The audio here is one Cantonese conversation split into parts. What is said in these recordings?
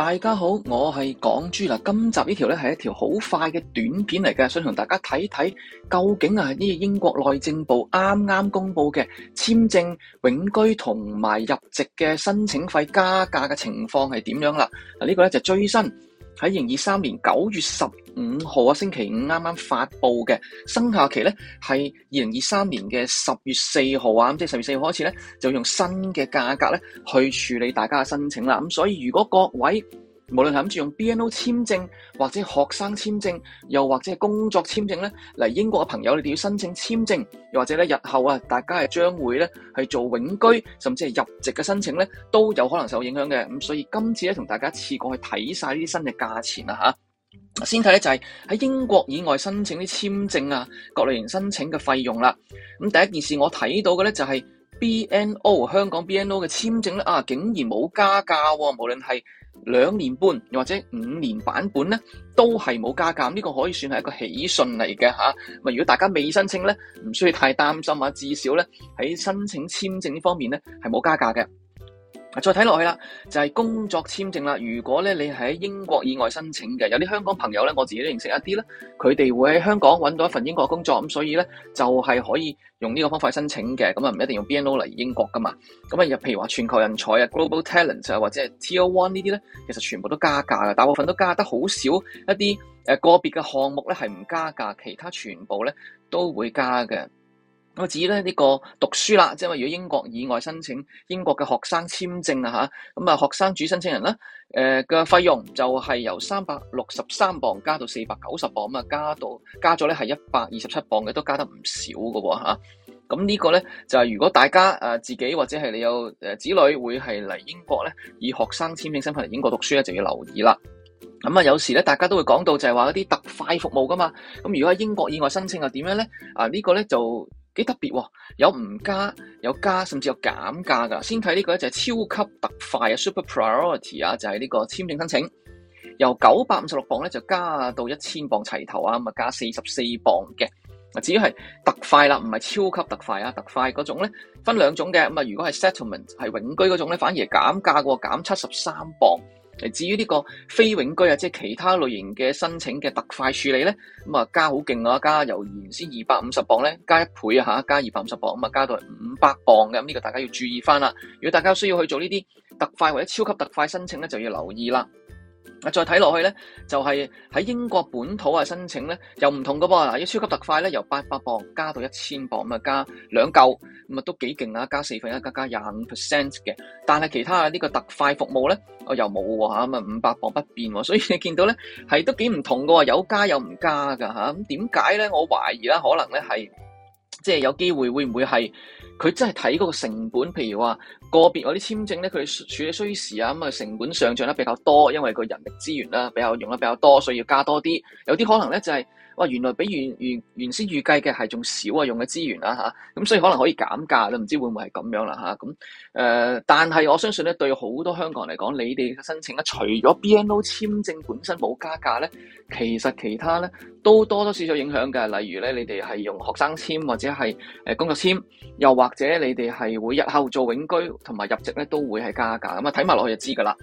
大家好，我係港豬嗱，今集條呢條咧係一條好快嘅短片嚟嘅，想同大家睇睇究竟啊呢英國內政部啱啱公布嘅簽證永居同埋入籍嘅申請費加價嘅情況係點樣啦？嗱、啊，呢、這個呢，就最新喺二零二三年九月十五號啊，星期五啱啱發布嘅生效期咧，係二零二三年嘅十月四號啊，咁、嗯、即係十月四號開始咧，就用新嘅價格咧去處理大家嘅申請啦。咁、嗯、所以如果各位無論係諗住用 BNO 簽證，或者學生簽證，又或者係工作簽證咧嚟英國嘅朋友，你哋要申請簽證，又或者咧日後啊，大家係將會咧係做永居，甚至係入籍嘅申請咧，都有可能受影響嘅。咁、嗯、所以今次咧，同大家試過去睇晒呢啲新嘅價錢啦，嚇。先睇咧就係喺英國以外申請啲簽證啊，各類型申請嘅費用啦。咁第一件事我睇到嘅咧就係 BNO 香港 BNO 嘅簽證咧啊，竟然冇加價，哦，無論係兩年半或者五年版本咧，都係冇加價。呢、這個可以算係一個喜訊嚟嘅吓。咁、啊、如果大家未申請咧，唔需要太擔心啊，至少咧喺申請簽證呢方面咧係冇加價嘅。再睇落去啦，就係、是、工作簽證啦。如果咧你喺英國以外申請嘅，有啲香港朋友咧，我自己都認識一啲咧，佢哋會喺香港揾到一份英國工作，咁所以咧就係、是、可以用呢個方法申請嘅。咁啊唔一定用 BNO 嚟英國噶嘛。咁啊，又譬如話全球人才啊、Global Talent 啊，或者係 Tier One 呢啲咧，其實全部都加價嘅，大部分都加得好少。一啲誒個別嘅項目咧係唔加價，其他全部咧都會加嘅。我指咧呢、呢個讀書啦，即係話如果英國以外申請英國嘅學生簽證啊嚇，咁啊學生主申請人咧，誒、呃、嘅費用就係由三百六十三磅加到四百九十磅，咁啊，加到加咗咧係一百二十七磅嘅，都加得唔少嘅嚇、啊。咁、啊、呢個咧就係、是、如果大家誒、啊、自己或者係你有誒子女會係嚟英國咧以學生簽證身份嚟英國讀書咧，就要留意啦。咁啊有時咧大家都會講到就係話嗰啲特快服務噶嘛，咁、啊、如果喺英國以外申請啊，點樣咧？啊呢個咧就～幾特別有唔加，有加，甚至有減價噶。先睇呢個就係超級特快啊，super priority 啊，就係呢個簽證申請，由九百五十六磅咧就加到一千磅齊頭啊，咁啊加四十四磅嘅。至於係特快啦，唔係超級特快啊，特快嗰種咧分兩種嘅。咁啊，如果係 settlement 係永居嗰種咧，反而減價喎，減七十三磅。至於呢個非永居啊，即係其他類型嘅申請嘅特快處理咧，咁啊加好勁啊，加由原先二百五十磅咧加一倍啊嚇，加二百五十磅咁啊加到嚟五百磅嘅，咁、這、呢個大家要注意翻啦。如果大家需要去做呢啲特快或者超級特快申請咧，就要留意啦。啊，再睇落去咧，就係、是、喺英國本土啊申請咧，又唔同噶噃，嗱，要超級特快咧，由八百磅加到一千磅，咁啊加兩舊，咁啊都幾勁啊，加四分一，加1，加廿五 percent 嘅，但係其他啊呢個特快服務咧，我又冇吓，咁啊五百磅不變，所以你見到咧係都幾唔同噶喎，有加有唔加噶吓，咁點解咧？我懷疑啦，可能咧係即係有機會會唔會係？佢真係睇嗰個成本，譬如話個別嗰啲簽證咧，佢處理需時啊，咁啊，成本上漲得比較多，因為個人力資源啦比較用得比較多，所以要加多啲。有啲可能咧就係、是。哇！原來比原原原先預計嘅係仲少啊，用嘅資源啦嚇，咁所以可能可以減價都唔知，會唔會係咁樣啦嚇，咁、啊、誒、呃，但係我相信咧，對好多香港人嚟講，你哋嘅申請咧，除咗 BNO 簽證本身冇加價咧，其實其他咧都多多少少影響嘅，例如咧，你哋係用學生簽或者係誒工作簽，又或者你哋係會日後做永居同埋入籍咧，都會係加價咁啊！睇埋落去就知噶啦，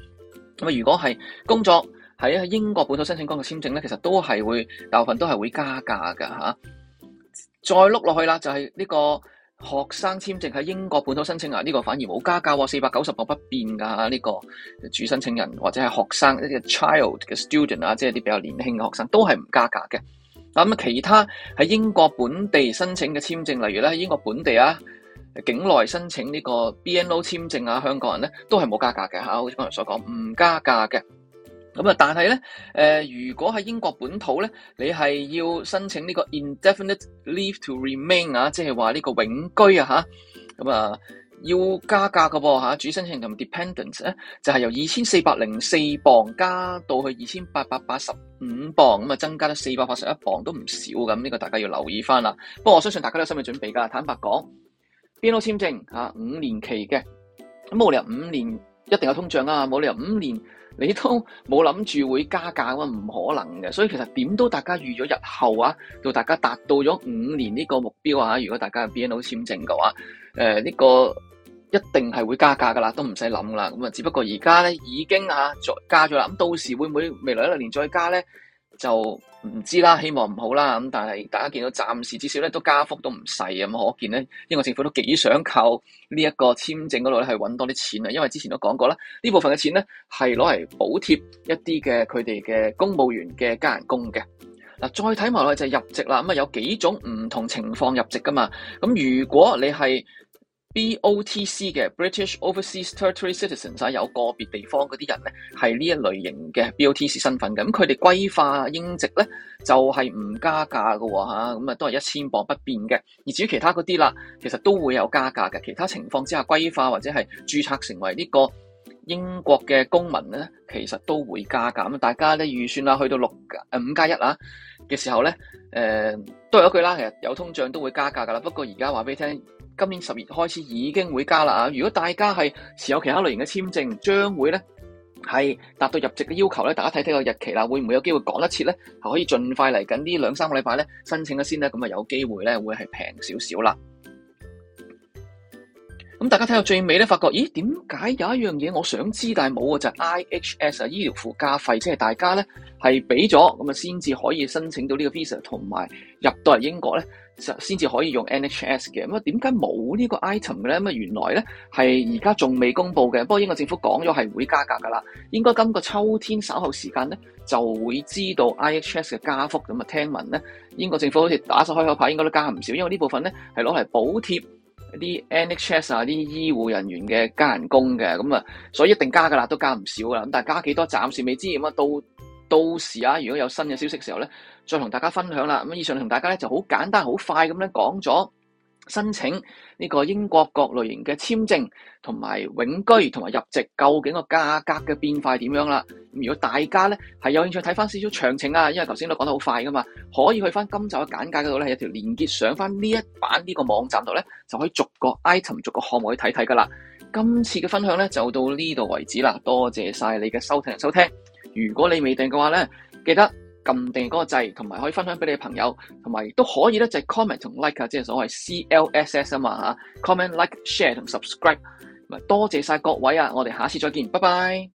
咁啊，如果係工作。係啊，英國本土申請嗰個簽證咧，其實都係會大部分都係會加價噶嚇、啊。再碌落去啦，就係、是、呢個學生簽證喺英國本土申請啊，呢、這個反而冇加價喎，四百九十個不變噶嚇。呢、啊這個主申請人或者係學生即係 child 嘅 student 啊，即係啲比較年輕嘅學生都係唔加價嘅。咁、啊、其他喺英國本地申請嘅簽證，例如咧喺英國本地啊，境內申請呢個 BNO 簽證啊，香港人咧都係冇加價嘅嚇、啊。好似剛才所講，唔加價嘅。咁啊，但係咧，誒、呃，如果喺英國本土咧，你係要申請呢個 indefinite leave to remain 啊，即係話呢個永居啊，吓，咁啊，要加價噶噃吓，主申請同 dependents 咧、啊，就係、是、由二千四百零四磅加到去二千八百八十五磅，咁啊，增加咗四百八十一磅，都唔少咁，呢、這個大家要留意翻啦。不過我相信大家都有心理準備噶，坦白講，BNO 簽證嚇五、啊、年期嘅，咁冇理由五年一定有通脹啊，冇理由五年。你都冇諗住會加價咁啊，唔可能嘅。所以其實點都大家預咗日後啊，到大家達到咗五年呢個目標啊，如果大家有 BNO 簽證嘅話，誒，呢個一定係會加價噶啦，都唔使諗啦。咁啊，只不過而家咧已經、啊、再加咗啦。咁到時會唔會未來一兩年再加咧？就唔知啦，希望唔好啦咁，但係大家見到暫時至少咧都加幅都唔細，咁可見咧英國政府都幾想靠呢一個簽證嗰度咧去揾多啲錢啊，因為之前都講過啦，呢部分嘅錢咧係攞嚟補貼一啲嘅佢哋嘅公務員嘅加人工嘅嗱，再睇埋落去就係入籍啦。咁啊有幾種唔同情況入籍噶嘛，咁如果你係。B O T C 嘅 British Overseas Territory Citizens 有個別地方嗰啲人咧係呢一類型嘅 B O T C 身份嘅，咁佢哋歸化英籍咧就係、是、唔加價嘅吓，咁啊都係一千磅不變嘅。而至於其他嗰啲啦，其實都會有加價嘅。其他情況之下，歸化或者係注冊成為呢個英國嘅公民咧，其實都會加價。咁大家咧預算啊，去到六誒五加一啊嘅時候咧，誒、呃、都係一句啦。其實有通脹都會加價噶啦。不過而家話俾你聽。今年十月開始已經會加啦啊！如果大家係持有其他類型嘅簽證，將會咧係達到入籍嘅要求咧，大家睇睇個日期啦，會唔會有機會趕得切咧？係可以盡快嚟緊呢兩三個禮拜咧申請咗先咧，咁啊有機會咧會係平少少啦。咁大家睇到最尾咧，發覺，咦點解有一樣嘢我想知但係冇嘅就係、是、IHS 啊醫療附加費，即係大家咧係俾咗咁啊，先至可以申請到呢個 visa 同埋入到嚟英國咧，就先至可以用 NHS 嘅。咁啊，點解冇呢個 item 嘅咧？咁啊，原來咧係而家仲未公布嘅。不過英國政府講咗係會加價噶啦，應該今個秋天稍後時間咧就會知道 IHS 嘅加幅。咁啊，聽聞咧英國政府好似打晒開口牌，應該都加唔少，因為呢部分咧係攞嚟補貼。啲 NHS 啊，啲醫護人員嘅加人工嘅，咁啊，所以一定加㗎喇，都加唔少㗎喇，咁但係加幾多，暫時未知咁啊，到到時啊，如果有新嘅消息時候咧，再同大家分享啦。咁以上同大家咧就好簡單、好快咁咧講咗。申請呢個英國各類型嘅簽證同埋永居同埋入籍，究竟個價格嘅變化點樣啦？如果大家咧係有興趣睇翻少少詳情啊，因為頭先都講得好快噶嘛，可以去翻今集嘅簡介嗰度咧，有條連結上翻呢一版呢個網站度咧，就可以逐個 item 逐個項目去睇睇噶啦。今次嘅分享咧就到呢度為止啦，多謝晒你嘅收聽收聽。如果你未訂嘅話咧，記得，撳定嗰個掣，同埋可以分享俾你嘅朋友，同埋亦都可以咧就係 comment 同 like 啊，即係所謂 C L S S 啊嘛嚇，comment like share 同 subscribe，咁啊多謝晒各位啊，我哋下次再見，拜拜。